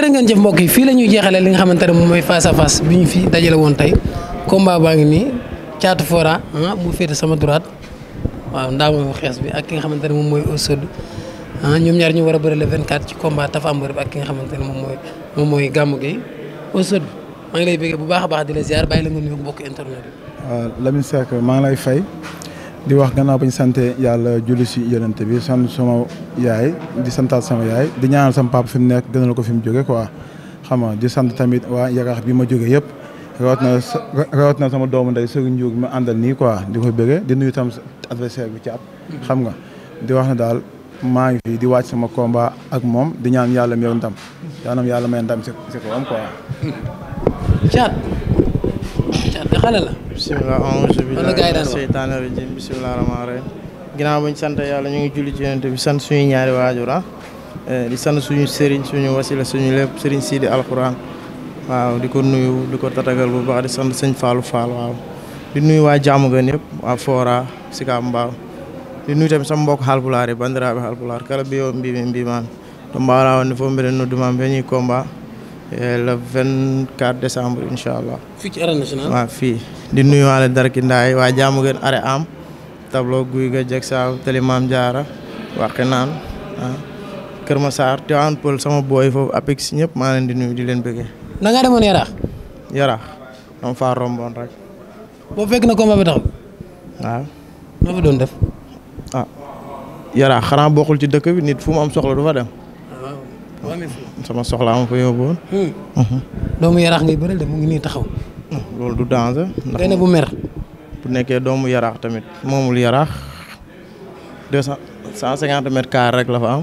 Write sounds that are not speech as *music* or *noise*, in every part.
jërë ngeen jëf mbokk yi fii la ñuy jeexalee li nga xamante ne moom mooy face à face bi ñu fi dajale woon tey combat baa ngi nii caatu fora ah mu féete sama droite waaw ndaa moomu xees bi ak ki nga xamante ne moom mooy au sud ah, ñoom ñaar ñu war a bëri le 24 ci combat Tapha Mbeur bi ak ki nga xamante ne moom mooy moom mooy Gamou Gueye au sud maa ngi lay bëggee bu baax a baax di la ziar bàyyi la nga nuyu mbokk internet bi. waaw ah, maa ngi lay fay. di wax gannaaw ba ñu sante yàlla julli si yonent bi sant sama yaay di santaat sama yaay di ñaanal sama papa fi mu nekk gënal ko fi mu jóge quoi xam nga di sant tamit waa yaraax bi ma jóge yëpp rawat na rawat na sama doomu ndey sëriñ Ndiour ma àndal nii quoi di ko bëgge di nuyu tam adversaire bi caat xam nga di wax na daal maa ngi fi di wàcc sama combat ak moom di ñaan yàlla mi yor ndam yaanam yàlla may ndam si si kawam quoi xale la. bisimilah aouzu billahi mina seytaani rajiim bisimilah rahmaani rahiim. ginnaaw bañ sant yàlla ñu ngi julli ci yonent bi sant suñu ñaari waajur ah. eh, di sant suñu sëriñ suñu wasila suñu lépp sëriñ Sidi alxuraan waaw di ko nuyu di ko tatagal bu baax di sant sëñ Fallou Fall waaw. di nuyu waa jaamu gën yëpp waa Fora Sika Mbaaw di nuyu tamit sama mbokk Haalpulaar yi bandiraaɓe Haalpulaar kala mbiyo mbiimi mbiimaan to mbaawɗaa wonde fof mbiɗen nodduma beñi combat Euh, le vingt quatre décembre incha allah. fii ci arène nationale waaw fii. di nuyuwaale Darki Ndaay waa jaamu gën are am tableau guy ga jeg saaw tëli maam jaara waxi naan ah Kër Masar Tivaouane Peul sama booy foofu Apix ñëpp maa leen di nuyu di leen bëggee. na nga demoon Yaraax. Yaraax dama faa romboon rek. boobu fekk na combat bi taxaw. waaw. noo fi doon def. ah Yaraax xanaa bokkul ci dëkk bi nit fu mu am soxla du fa dem. sama soxlaa ma fa yóbbuwoon. Hmm. doomu yaraax ngay bëral de mu ngi nii taxaw. Hmm, loolu du danger. ndax benn bu mer. bu nekkee doomu yaraax tamit moomul yaraax deux cent cent cinquante mètres rek la am. waaw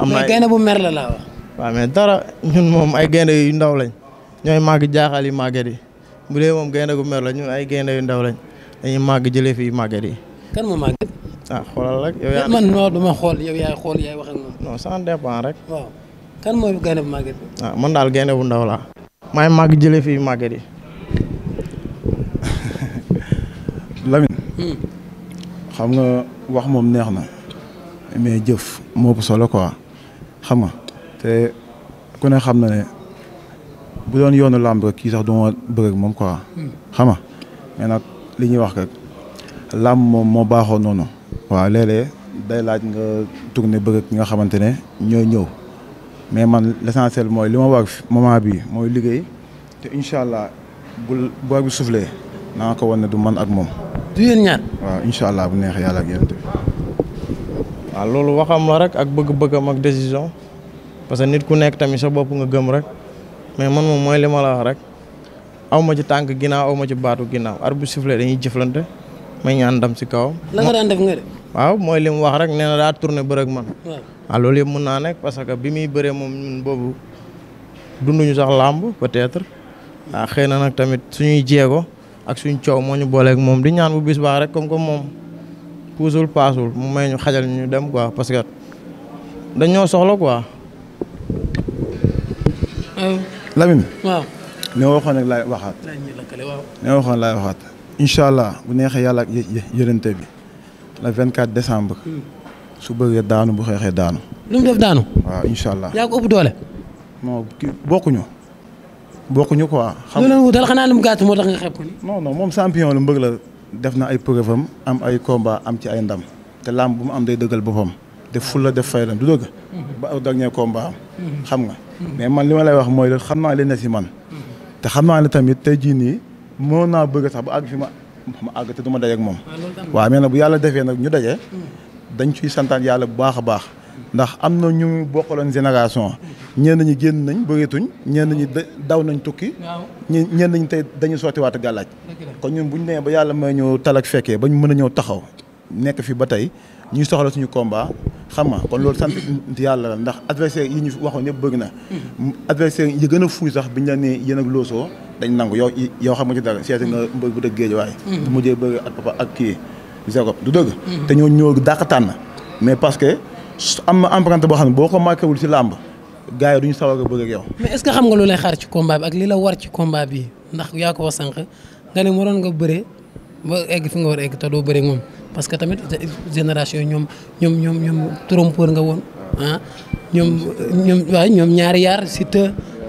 am na gaynde bu mer la laa wax. waaw dara ñun moom ay gaynde yu ndaw lañ ñooy màgg jaaxal yi màgget yi bu dee moom gaynde gu mer la ñun ay gaynde yu ndaw lañ dañuy màgg jëlee fii màgget yi. kan moo màgget. Ah, rek kan mooy gaynde bu màgget bi. waaw ah, man daal gaynde bu ndaw la maay màgg jëlee fii màgget yi. *laughs* Lamine. Hmm. xam nga wax moom neex na mais jëf moo ëpp solo quoi xam nga te ku ne xam na ne bu doon yoonu làmb rek kii sax du ma bëgg moom quoi. Hmm. xam nga mais nag li ñuy wax ka làmb moom moo baaxoo noonu. waaw léeg day laaj nga tourné bëgg ki nga xamante ne ñooy ñëw. mais man l'essentiel mooy li ma waa moment bi mooy liggéey te incha allah bu boor bi soufflé naa ko wan ne du man ak moom. du yéen ñaar. waaw incha allah bu neexee yàlla ak yéen tamit. waaw loolu waxam la rek ak bëgg-bëggam ak décision parce que nit ku nekk tamit sa bopp nga gëm rek mais man moom mooy li ma la rek aw ma ci tànk ginnaaw aw ma ci baatu ginnaaw ar bu soufflé dañuy jëflante. may ñaan ndam si kawam. la nga daan def waaw mooy li mu wax rek nee na daa tourné bërëg man. waaw ah, loolu yëpp mën naa nekk parce que bi muy bëree moom ñun boobu dunduñu sax làmb peut-être. waaw ah, xëy na nag tamit suñuy jéego ak suñu coow moo ñu booleeg moom di ñaan bu bis baax rek comme que moom puusul paasul mu may ñu xajal ñu dem quoi parce dañoo soxla quoi. Euh. Lamine. waaw. ma waxoon rek laay waxaat. li ma waxaat. incha allah bu neexee yàlla ak yërënte bi le 24 décembre. su bëggee daanu bu xeexee daanu. lu mu def daanu. waaw incha allah yaa ko ëpp doole. non bokkuñu. bokkuñu quoi. xam nga xanaa lu mu moo tax nga xeeb moom champion lu mbëgg la def na ay preuve am am ay am ci ay ndam te làmb bu mu am day dëggal boppam def fulla def faydam du dëgg. ba aw xam nga. mais man li ma lay wax mooy xam naa li si man. te xam naa ne tamit tey jii nii. mënoon naa bëgg sax ba àgg fi ma ma àgg te du ma daje ak moom. waaw mais nag bu yàlla defee nag ñu daje. dañ ciy santaan yàlla bu baax a baax. ndax am na ñu bokkaloon génération. ñenn nañu génn nañ bëreetuñ ñenn ñi daw nañ tukki. ñi ñenn ñi tey dañu sottiwaat gàllaaj kon ñun bu ñu nee ba yàlla may ñëw tal ak fekkee ba ñu mën a ñëw taxaw. nekk fi ba tey ñuy soxla suñu combat xam nga kon loolu sant yàlla la ndax adversaire yi ñu waxoon yëpp bëgg na. Mm. adversaire yi gën a fuuy sax biñ la nee yéen ak loosoo. dañ nangu yow yow xam nga ci dara seeti nga mbër bu dëgg géej waaye mm-hmm. bu mujjee bëri ak papa ak kii Jacob du dëgg mm-hmm. te ñoo ñoo dàq tànn mais parce que am na empreinte boo xam ne boo ko marqué wul si làmb gars yi duñu sawar a bëgg ak yow mais est ce xam nga lu lay xaar ci combat bi ak li la war ci combat bi ndax yaa ko wax sànq nga ne waroon nga bëree ba egg fi nga war a egg te doo bëree moom parce que tamit génération ñoom ñoom ñoom ñoom trompeur nga woon ah ñoom ñoom ñoom ñaari yaar si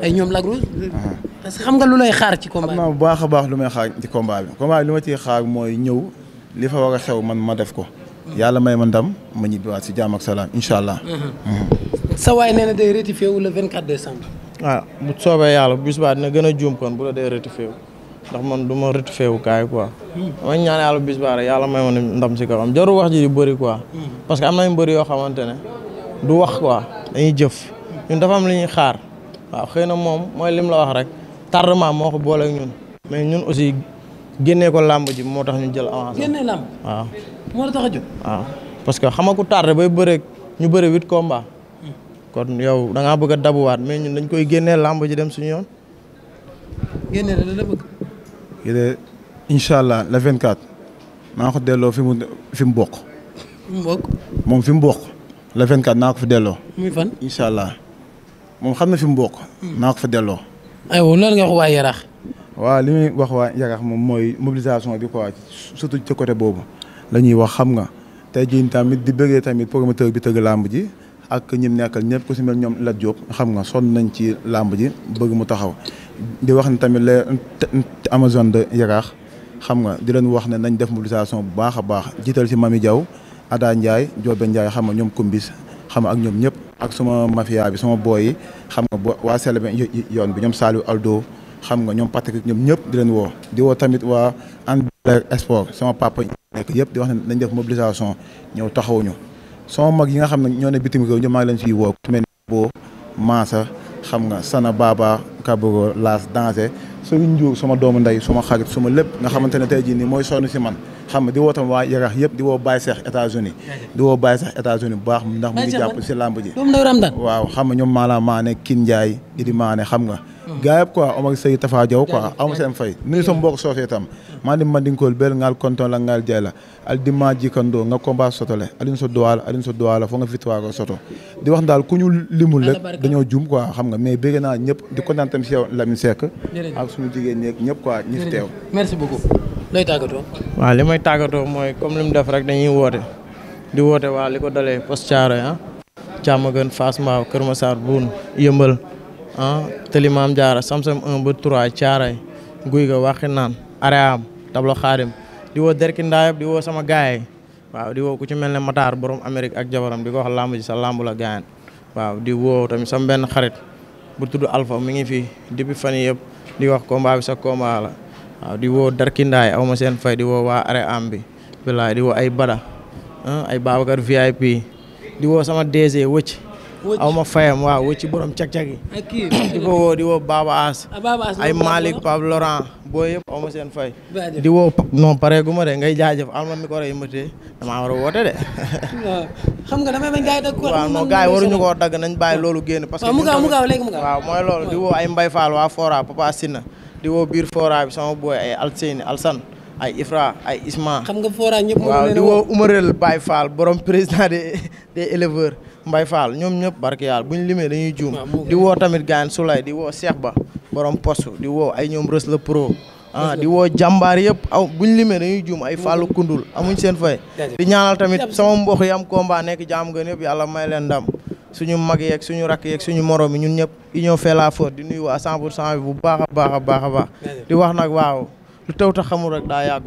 ay ñoom lagros mm-hmm. parce que xam nga lu lay xaar ci combat bi. bu baax a baax lu may xaar ci combat bi combat bi lu mooy ñëw li fa war a man ma def ko. yàlla may ma ndam ma ñibbiwaat si jaam ak salaam incha allah. Mm-hmm. sa waay na day rectifié wu le 24 décembre. waaw ah, bu soobee yàlla bis baa dina gën a juum kon bu la day rectifié wu ndax man wu kaay quoi. ma ñaan yàlla yàlla may ma ndam si kawam wax ji di bëri mm-hmm. parce que am nañu bëri yoo xamante ne du wax quoi dañuy jëf ñun dafa am li ñuy xaar waaw xëy na moom mooy lim la wax rek. tardement moo ko boole ñun mais ñun aussi génnee ko làmb ji moo tax ñu jël avance. tax parce que xam nga ku tardé bay bëre ñu bëre huit combat kon yow da ngaa bëgg a dabuwaat mais ñun dañ koy génnee làmb ji dem suñu yoon. génne la la bëgg. yéen incha ko delloo fi mu fi mu bokk. mu moom fi mu bokk. le 24 naa ko fa delloo. muy fan incha allah moom xam na fi mu bokk. Hmm. naa ko fa delloo. aywa lan nga wax waa Yarax. waaw li muy wax waa Yarax moom mooy mobilisation bi quoi surtout ci côté boobu la ñuy wax xam nga te jii tamit di bëggee tamit promoteur bi tëgg làmb ji ak ñim nekkal ñëpp ku si mel ñoom Lat Diop xam nga sonn nañ ci làmb ji bëgg mu taxaw di wax ne tamit les Amazone de Yarax xam nga di leen wax ne nañ def mobilisation bu baax a baax jiital si Mami Diaw Ada Ndiaye Diobé Ndiaye xam nga ñoom Kumbis xam nga ak ñoom ñëpp. ak suma mafia bi sama booy xam nga boo waa sell yoon bi ñoom Saliou Aldo xam nga ñoom Patrick ñoom ñëpp di leen woo di woo tamit waa handball sport sama papa nekk yëpp di wax ne nañ def mobilisation ñëw taxawuñu sama mag yi nga xam ne ñoo ne bitim réew ñoom maa ngi leen siy woo ku mel ni boo maasa xam nga sana baaba kabogo laas dansé Serigne Ndiour sama doomu ndey suma xarit suma lépp nga xamante ne tey jii mooy sonn si man xam nga di woo tam waa Yarax yëpp di woo Baye Cheikh États-Unis di woo Baye Cheikh États-Unis bu baax ndax mu ngi jàpp si làmb ji waaw xam nga ñoom maanaam maa ne Kin Ndiaye Idi maa xam nga gaa yëpp quoi Omar Seye Tafa Diaw quoi amu seen fay nuyu sama mbokk soosee itam maa ni ma dinkool bel ngaal konton la ngaal jay la al dimma jikandoo nga combat sotole alin so dowaala alin so dowaala fo nga victoire ko soto di wax daal ku ñu limul rek dañoo jum quoi xam nga fi teew merci li may tàggatoo mooy comme li def rek dañuy woote di woote waa li ko dalee post Thiaroye ah Thiamaguen Fass Mbao Kër Massar Boune Yëmbal ah tëli maam jaara samsam 1 ba 3 caaray guy ga waxi naan aream tablo xaadim di woo derki ndaayab di woo sama gaay waaw di woo ku ci mel ne Matar borom Amérique ak jabaram di ko wax lamb ji sa lamb la waaw di woo tamit sama benn xarit bu tudd Alpha mi ngi fi depuis fan yëpp di wax combat bi sa combat la waaw di woo darkindaay aw ma seen fay di woo waa are am bi bilaay di woo ay Bada ah, ay Babacar VIP di woo sama DG wëcc aw ma fayam waaw wëcc borom cag-cag yi di ko woo di woo Baba As ah, ay Malick Pape Laurent aw ma seen fay di woo non pare gu de ngay jaajëf alma micro yi ma tee damaa war a woote nga damay bañ gaay dagg nañ bàyyi loolu génn parce que mu gaaw mu gaaw léegi mu gaaw mooy loolu di woo ay Mbaye Fall waa Fora Papa Sina di woo biir Fora bi sama booy ay Alseyni Alsan ay Ifra ay Isma xam nga Fora ñëpp waaw di woo Umarel Baye Fall borom président des des Mbay Fall ñoom ñëpp barke yàlla bu ñu limee dañuy juum di woo tamit gaan Soulay di woo Cheikh Ba borom poste di woo ay ñoom rës la pro ah di woo jàmbaar yëpp aw bu ñu limee dañuy juum ay Fallou Koundoul amuñ seen fay di ñaanal tamit sama mbokk yi am combat nekk jaam gën yëpp yàlla may leen ndam suñu mag yeeg suñu rakk yeeg suñu morom yi ñun ñëpp union fait la force di nuyu waa 100 pour cent bi bu baax a baax a baax a baax di wax nag waaw lu taw tax xamul rek daa